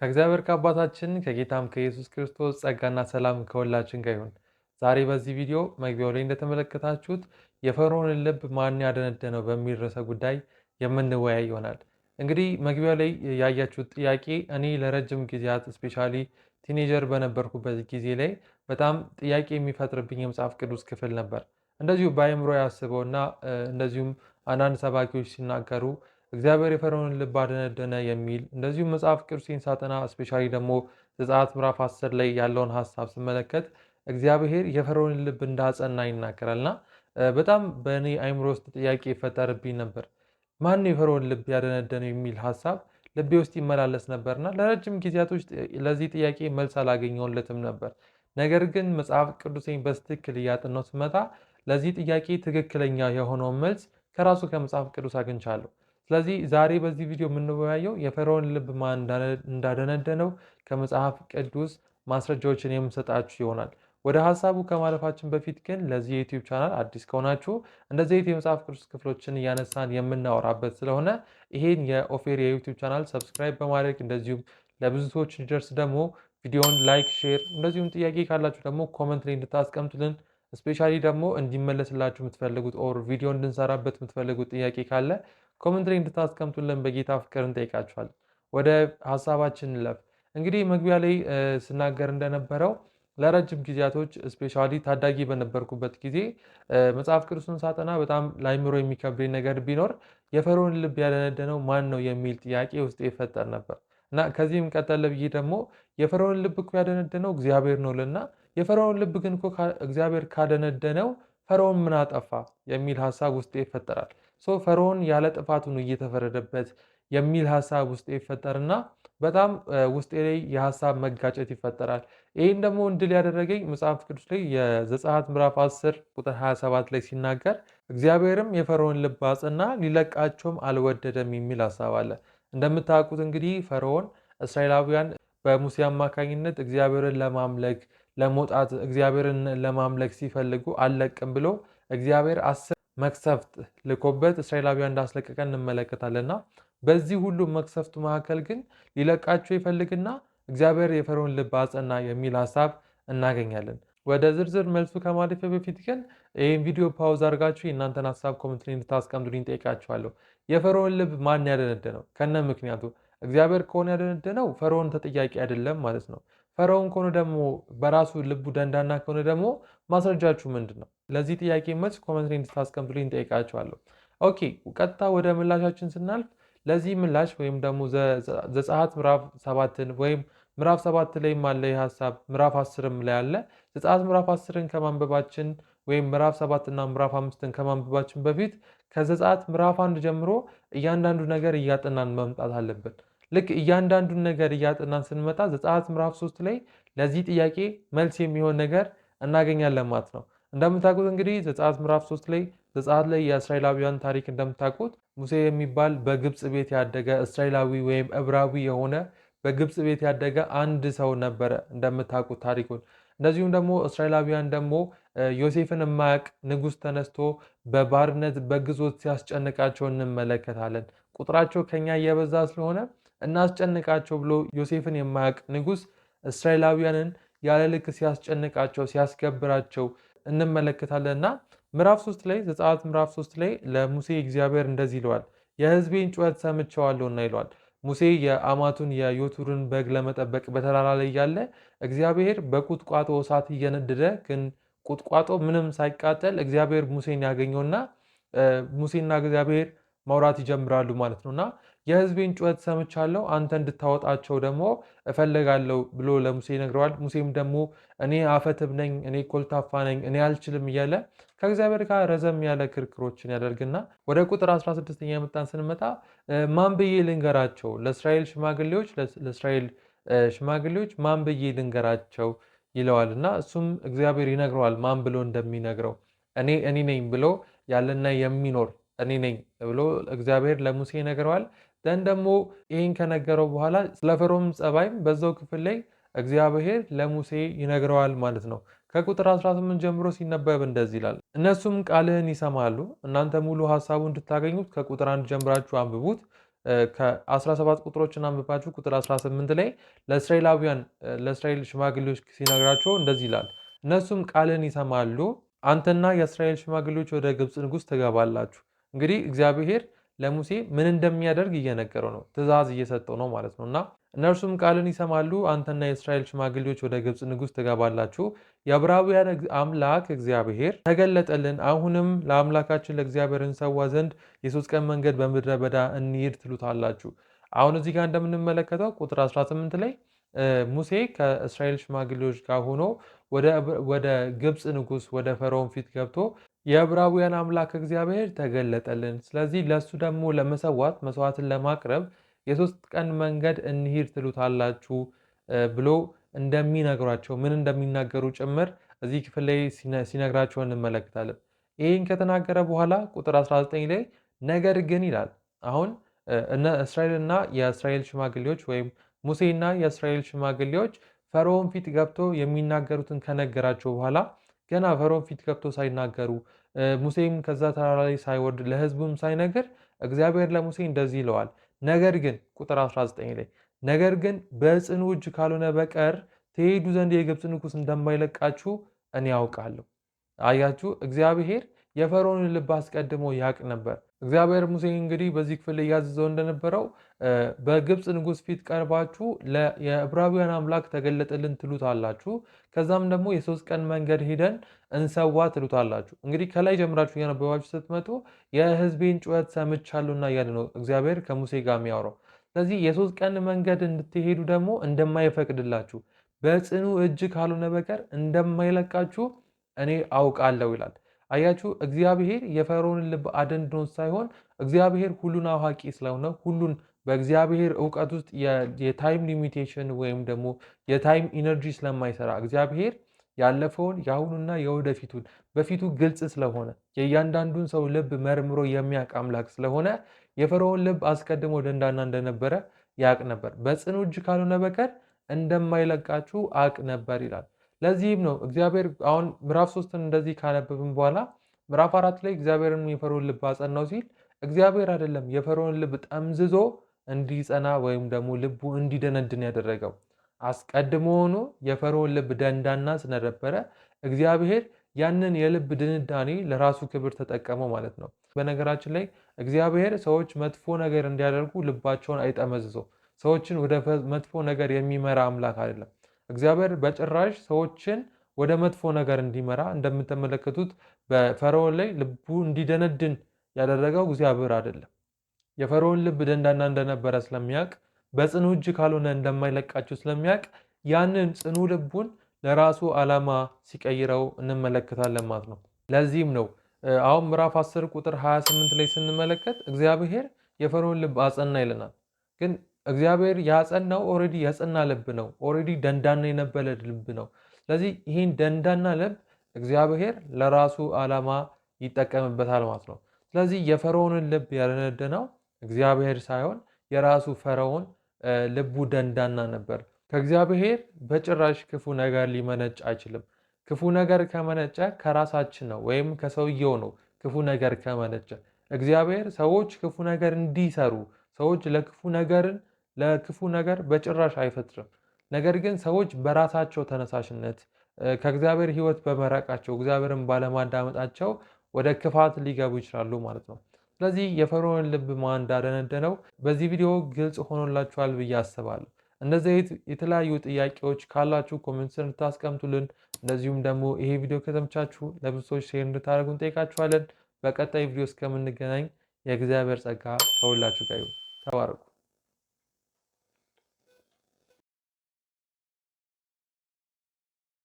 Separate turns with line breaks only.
ከእግዚአብሔር ከአባታችን ከጌታም ከኢየሱስ ክርስቶስ ጸጋና ሰላም ከሁላችን ጋር ይሁን። ዛሬ በዚህ ቪዲዮ መግቢያው ላይ እንደተመለከታችሁት የፈርዖንን ልብ ማን ያደነደነው በሚል ርዕሰ ጉዳይ የምንወያይ ይሆናል። እንግዲህ መግቢያው ላይ ያያችሁት ጥያቄ እኔ ለረጅም ጊዜያት ስፔሻሊ ቲኔጀር በነበርኩበት ጊዜ ላይ በጣም ጥያቄ የሚፈጥርብኝ የመጽሐፍ ቅዱስ ክፍል ነበር። እንደዚሁ በአእምሮ ያስበውና እንደዚሁም አንዳንድ ሰባኪዎች ሲናገሩ እግዚአብሔር የፈርዖንን ልብ አደነደነ የሚል እንደዚሁም መጽሐፍ ቅዱሴን ሳጠና ስፔሻሊ ደግሞ ዘጸአት ምዕራፍ 10 ላይ ያለውን ሀሳብ ስመለከት እግዚአብሔር የፈርዖንን ልብ እንዳጸና ይናገራልና በጣም በእኔ አይምሮ ውስጥ ጥያቄ ይፈጠርብኝ ነበር። ማን የፈርዖን ልብ ያደነደነው የሚል ሀሳብ ልቤ ውስጥ ይመላለስ ነበርና ለረጅም ጊዜያቶች ለዚህ ጥያቄ መልስ አላገኘሁለትም ነበር። ነገር ግን መጽሐፍ ቅዱሴን በስትክክል እያጠናሁ ስመጣ ለዚህ ጥያቄ ትክክለኛ የሆነውን መልስ ከራሱ ከመጽሐፍ ቅዱስ አግኝቻለሁ። ስለዚህ ዛሬ በዚህ ቪዲዮ የምንወያየው የፈርዖን ልብ ማን እንዳደነደነው ከመጽሐፍ ቅዱስ ማስረጃዎችን የምሰጣችሁ ይሆናል። ወደ ሀሳቡ ከማለፋችን በፊት ግን ለዚህ የዩቲዩብ ቻናል አዲስ ከሆናችሁ እንደዚህ የመጽሐፍ ቅዱስ ክፍሎችን እያነሳን የምናወራበት ስለሆነ ይሄን የኦፌር የዩቲዩብ ቻናል ሰብስክራይብ በማድረግ እንደዚሁም ለብዙ ሰዎች እንዲደርስ ደግሞ ቪዲዮን ላይክ፣ ሼር እንደዚሁም ጥያቄ ካላችሁ ደግሞ ኮመንት ላይ እንድታስቀምጡልን ስፔሻሊ ደግሞ እንዲመለስላችሁ የምትፈልጉት ኦር ቪዲዮ እንድንሰራበት የምትፈልጉት ጥያቄ ካለ ኮመንትሪ እንድታስቀምጡልን በጌታ ፍቅር እንጠይቃችኋል። ወደ ሀሳባችን እንለፍ። እንግዲህ መግቢያ ላይ ስናገር እንደነበረው ለረጅም ጊዜያቶች ስፔሻሊ ታዳጊ በነበርኩበት ጊዜ መጽሐፍ ቅዱስን ሳጠና በጣም ለአይምሮ የሚከብድ ነገር ቢኖር የፈሮን ልብ ያደነደነው ማን ነው የሚል ጥያቄ ውስጥ ይፈጠር ነበር እና ከዚህም ቀጠለ ብዬ ደግሞ የፈርዖን ልብ እኮ ያደነደነው እግዚአብሔር ነው ልና የፈርዖን ልብ ግን እኮ እግዚአብሔር ካደነደነው ፈርዖን ምን አጠፋ የሚል ሀሳብ ውስጥ ይፈጠራል። ፈርዖን ያለ ጥፋቱ ነው እየተፈረደበት የሚል ሀሳብ ውስጤ ይፈጠርና በጣም ውስጤ ላይ የሀሳብ መጋጨት ይፈጠራል። ይህን ደግሞ እንድል ያደረገኝ መጽሐፍ ቅዱስ ላይ የዘጸአት ምዕራፍ 10 ቁጥር 27 ላይ ሲናገር እግዚአብሔርም የፈርዖን ልብ አጸና፣ ሊለቃቸውም አልወደደም የሚል ሀሳብ አለ። እንደምታውቁት እንግዲህ ፈርዖን እስራኤላውያን በሙሴ አማካኝነት እግዚአብሔርን ለማምለክ ለመውጣት እግዚአብሔርን ለማምለክ ሲፈልጉ አልለቅም ብሎ እግዚአብሔር መቅሰፍት ልኮበት እስራኤላዊያን እንዳስለቀቀ እንመለከታለንና በዚህ ሁሉ መክሰፍቱ መካከል ግን ሊለቃቸው ይፈልግና እግዚአብሔር የፈርዖን ልብ አጸና የሚል ሀሳብ እናገኛለን። ወደ ዝርዝር መልሱ ከማለፌ በፊት ግን ይህን ቪዲዮ ፓውዝ አድርጋችሁ የእናንተን ሀሳብ ኮሜንት ላይ እንድታስቀምጡልኝ ጠይቃችኋለሁ። የፈርዖን ልብ ማን ያደነደነው? ከነ ምክንያቱ እግዚአብሔር ከሆነ ያደነደነው ፈርዖን ተጠያቂ አይደለም ማለት ነው። ፈርዖን ከሆነ ደግሞ በራሱ ልቡ ደንዳና ከሆነ ደግሞ ማስረጃችሁ ምንድን ነው? ለዚህ ጥያቄ መልስ ኮመንት ላይ እንድታስቀምጡልኝ እንጠይቃችኋለሁ። ኦኬ ቀጥታ ወደ ምላሻችን ስናልፍ ለዚህ ምላሽ ወይም ደግሞ ዘጸአት ምዕራፍ ሰባትን ወይም ምዕራፍ ሰባት ላይ አለ ይህ ሀሳብ ምዕራፍ አስርም ላይ አለ። ዘጸአት ምዕራፍ አስርን ከማንበባችን ወይም ምዕራፍ ሰባትና ምዕራፍ አምስትን ከማንበባችን በፊት ከዘጸአት ምዕራፍ አንድ ጀምሮ እያንዳንዱ ነገር እያጠናን መምጣት አለብን። ልክ እያንዳንዱን ነገር እያጠናን ስንመጣ ዘጸአት ምዕራፍ ሶስት ላይ ለዚህ ጥያቄ መልስ የሚሆን ነገር እናገኛለን ማለት ነው። እንደምታውቁት እንግዲህ ዘጸአት ምዕራፍ 3 ላይ ዘጸአት ላይ የእስራኤላውያን ታሪክ እንደምታውቁት ሙሴ የሚባል በግብፅ ቤት ያደገ እስራኤላዊ ወይም ዕብራዊ የሆነ በግብፅ ቤት ያደገ አንድ ሰው ነበረ እንደምታውቁት ታሪኩን። እንደዚሁም ደግሞ እስራኤላውያን ደግሞ ዮሴፍን የማያውቅ ንጉሥ ተነስቶ በባርነት በግዞት ሲያስጨንቃቸው እንመለከታለን። ቁጥራቸው ከኛ እየበዛ ስለሆነ እናስጨንቃቸው ብሎ ዮሴፍን የማያውቅ ንጉሥ እስራኤላዊያንን ያለ ልክ ሲያስጨንቃቸው ሲያስገብራቸው እንመለከታለን እና ምዕራፍ ሶስት ላይ ዘጸአት ምዕራፍ ሶስት ላይ ለሙሴ እግዚአብሔር እንደዚህ ይለዋል፣ የህዝቤን ጩኸት እና ይለዋል። ሙሴ የአማቱን የዮቱርን በግ ለመጠበቅ በተራራ ላይ ያለ እግዚአብሔር በቁጥቋጦ እሳት እየነደደ ግን ቁጥቋጦ ምንም ሳይቃጠል እግዚአብሔር ሙሴን ያገኘውና ሙሴና እግዚአብሔር ማውራት ይጀምራሉ ማለት ነው እና የህዝቤን ጩኸት ሰምቻለሁ፣ አንተ እንድታወጣቸው ደግሞ እፈልጋለሁ ብሎ ለሙሴ ይነግረዋል። ሙሴም ደግሞ እኔ አፈትብ ነኝ፣ እኔ ኮልታፋ ነኝ፣ እኔ አልችልም እያለ ከእግዚአብሔር ጋር ረዘም ያለ ክርክሮችን ያደርግና ወደ ቁጥር 16ኛ የመጣን ስንመጣ ማን ብዬ ልንገራቸው? ለእስራኤል ሽማግሌዎች ለእስራኤል ሽማግሌዎች ማን ብዬ ልንገራቸው ይለዋል እና እሱም እግዚአብሔር ይነግረዋል ማን ብሎ እንደሚነግረው እኔ እኔ ነኝ ብሎ ያለና የሚኖር እኔ ነኝ ብሎ እግዚአብሔር ለሙሴ ይነግረዋል። ደን ደግሞ ይህን ከነገረው በኋላ ስለ ፈርዖን ጸባይም በዛው ክፍል ላይ እግዚአብሔር ለሙሴ ይነግረዋል ማለት ነው። ከቁጥር 18 ጀምሮ ሲነበብ እንደዚህ ይላል፣ እነሱም ቃልህን ይሰማሉ። እናንተ ሙሉ ሀሳቡ እንድታገኙት ከቁጥር አንድ ጀምራችሁ አንብቡት። ከ17 ቁጥሮችን አንብባችሁ ቁጥር 18 ላይ ለእስራኤላውያን ለእስራኤል ሽማግሌዎች ሲነግራቸው እንደዚህ ይላል፣ እነሱም ቃልህን ይሰማሉ። አንተና የእስራኤል ሽማግሌዎች ወደ ግብፅ ንጉሥ ትገባላችሁ። እንግዲህ እግዚአብሔር ለሙሴ ምን እንደሚያደርግ እየነገረው ነው፣ ትእዛዝ እየሰጠው ነው ማለት ነው። እና እነርሱም ቃልን ይሰማሉ። አንተና የእስራኤል ሽማግሌዎች ወደ ግብፅ ንጉሥ ትገባላችሁ። የዕብራውያን አምላክ እግዚአብሔር ተገለጠልን። አሁንም ለአምላካችን ለእግዚአብሔር እንሰዋ ዘንድ የሶስት ቀን መንገድ በምድረ በዳ እንሂድ ትሉታላችሁ። አሁን እዚህ ጋር እንደምንመለከተው ቁጥር 18 ላይ ሙሴ ከእስራኤል ሽማግሌዎች ጋር ሆኖ ወደ ግብፅ ንጉስ ወደ ፈርዖን ፊት ገብቶ የዕብራውያን አምላክ እግዚአብሔር ተገለጠልን፣ ስለዚህ ለእሱ ደግሞ ለመሰዋት መስዋዕትን ለማቅረብ የሶስት ቀን መንገድ እንሂድ ትሉታላችሁ ብሎ እንደሚነግሯቸው ምን እንደሚናገሩ ጭምር እዚህ ክፍል ላይ ሲነግራቸው እንመለከታለን። ይህን ከተናገረ በኋላ ቁጥር 19 ላይ ነገር ግን ይላል አሁን እስራኤልና የእስራኤል ሽማግሌዎች ወይም ሙሴና የእስራኤል ሽማግሌዎች ፈርዖን ፊት ገብቶ የሚናገሩትን ከነገራቸው በኋላ ገና ፈርዖን ፊት ገብቶ ሳይናገሩ ሙሴም ከዛ ተራራ ላይ ሳይወርድ ለህዝቡም ሳይነግር እግዚአብሔር ለሙሴ እንደዚህ ይለዋል። ነገር ግን ቁጥር 19 ላይ ነገር ግን በጽኑ እጅ ካልሆነ በቀር ትሄዱ ዘንድ የግብፅ ንጉሥ እንደማይለቃችሁ እኔ ያውቃለሁ። አያችሁ እግዚአብሔር የፈርዖንን ልብ አስቀድሞ ያውቅ ነበር። እግዚአብሔር ሙሴ እንግዲህ በዚህ ክፍል እያዘዘው እንደነበረው በግብፅ ንጉሥ ፊት ቀርባችሁ የዕብራውያን አምላክ ተገለጠልን ትሉታላችሁ። ከዛም ደግሞ የሶስት ቀን መንገድ ሄደን እንሰዋ ትሉታላችሁ። እንግዲህ ከላይ ጀምራችሁ እያነበባችሁ ስትመጡ የሕዝቤን ጩኸት ሰምቻለሁና እያለ ነው እግዚአብሔር ከሙሴ ጋር የሚያወራው። ስለዚህ የሶስት ቀን መንገድ እንድትሄዱ ደግሞ እንደማይፈቅድላችሁ በጽኑ እጅ ካልሆነ በቀር እንደማይለቃችሁ እኔ አውቃለሁ ይላል። አያችሁ፣ እግዚአብሔር የፈርዖንን ልብ አደንድኖት ሳይሆን እግዚአብሔር ሁሉን አዋቂ ስለሆነ ሁሉን በእግዚአብሔር እውቀት ውስጥ የታይም ሊሚቴሽን ወይም ደግሞ የታይም ኢነርጂ ስለማይሰራ እግዚአብሔር ያለፈውን የአሁኑና የወደፊቱን በፊቱ ግልጽ ስለሆነ የእያንዳንዱን ሰው ልብ መርምሮ የሚያውቅ አምላክ ስለሆነ የፈርዖን ልብ አስቀድሞ ደንዳና እንደነበረ ያውቅ ነበር። በጽኑ እጅ ካልሆነ በቀር እንደማይለቃችሁ አውቅ ነበር ይላል። ለዚህም ነው እግዚአብሔር አሁን ምዕራፍ ሶስትን እንደዚህ ካነበብን በኋላ ምዕራፍ አራት ላይ እግዚአብሔርን የፈርዖን ልብ አጸናው ሲል እግዚአብሔር አይደለም የፈርዖን ልብ ጠምዝዞ እንዲጸና ወይም ደግሞ ልቡ እንዲደነድን ያደረገው። አስቀድሞውኑ የፈርዖን ልብ ደንዳና ስለነበረ እግዚአብሔር ያንን የልብ ድንዳኔ ለራሱ ክብር ተጠቀመው ማለት ነው። በነገራችን ላይ እግዚአብሔር ሰዎች መጥፎ ነገር እንዲያደርጉ ልባቸውን አይጠመዝዞ ሰዎችን ወደ መጥፎ ነገር የሚመራ አምላክ አይደለም። እግዚአብሔር በጭራሽ ሰዎችን ወደ መጥፎ ነገር እንዲመራ እንደምትመለከቱት በፈርዖን ላይ ልቡ እንዲደነድን ያደረገው እግዚአብሔር አይደለም። የፈርዖን ልብ ደንዳና እንደነበረ ስለሚያውቅ በጽኑ እጅ ካልሆነ እንደማይለቃቸው ስለሚያውቅ ያንን ጽኑ ልቡን ለራሱ ዓላማ ሲቀይረው እንመለከታለን ማለት ነው። ለዚህም ነው አሁን ምዕራፍ 10 ቁጥር 28 ላይ ስንመለከት እግዚአብሔር የፈርዖን ልብ አጸና ይለናል። ግን እግዚአብሔር ያጸናው ኦልሬዲ ያጸና ልብ ነው። ኦልሬዲ ደንዳና የነበረ ልብ ነው። ስለዚህ ይህን ደንዳና ልብ እግዚአብሔር ለራሱ ዓላማ ይጠቀምበታል ማለት ነው። ስለዚህ የፈርዖንን ልብ ያደነደነው እግዚአብሔር ሳይሆን የራሱ ፈርዖን ልቡ ደንዳና ነበር። ከእግዚአብሔር በጭራሽ ክፉ ነገር ሊመነጭ አይችልም። ክፉ ነገር ከመነጨ ከራሳችን ነው ወይም ከሰውየው ነው። ክፉ ነገር ከመነጨ እግዚአብሔር ሰዎች ክፉ ነገር እንዲሰሩ ሰዎች ለክፉ ነገርን ለክፉ ነገር በጭራሽ አይፈጥርም። ነገር ግን ሰዎች በራሳቸው ተነሳሽነት ከእግዚአብሔር ሕይወት በመራቃቸው እግዚአብሔርን ባለማዳመጣቸው ወደ ክፋት ሊገቡ ይችላሉ ማለት ነው። ስለዚህ የፈርዖንን ልብ ማን እንዳደነደነው በዚህ ቪዲዮ ግልጽ ሆኖላችኋል ብዬ አስባለሁ። እንደዚህ የተለያዩ ጥያቄዎች ካላችሁ ኮሜንት ስር እንድታስቀምጡልን፣ እንደዚሁም ደግሞ ይሄ ቪዲዮ ከተመቻችሁ ለብዙ ሰዎች ሼር እንድታደርጉ እንጠይቃችኋለን። በቀጣይ ቪዲዮ እስከምንገናኝ የእግዚአብሔር ጸጋ ከሁላችሁ ጋር ይሁን። ተባረኩ።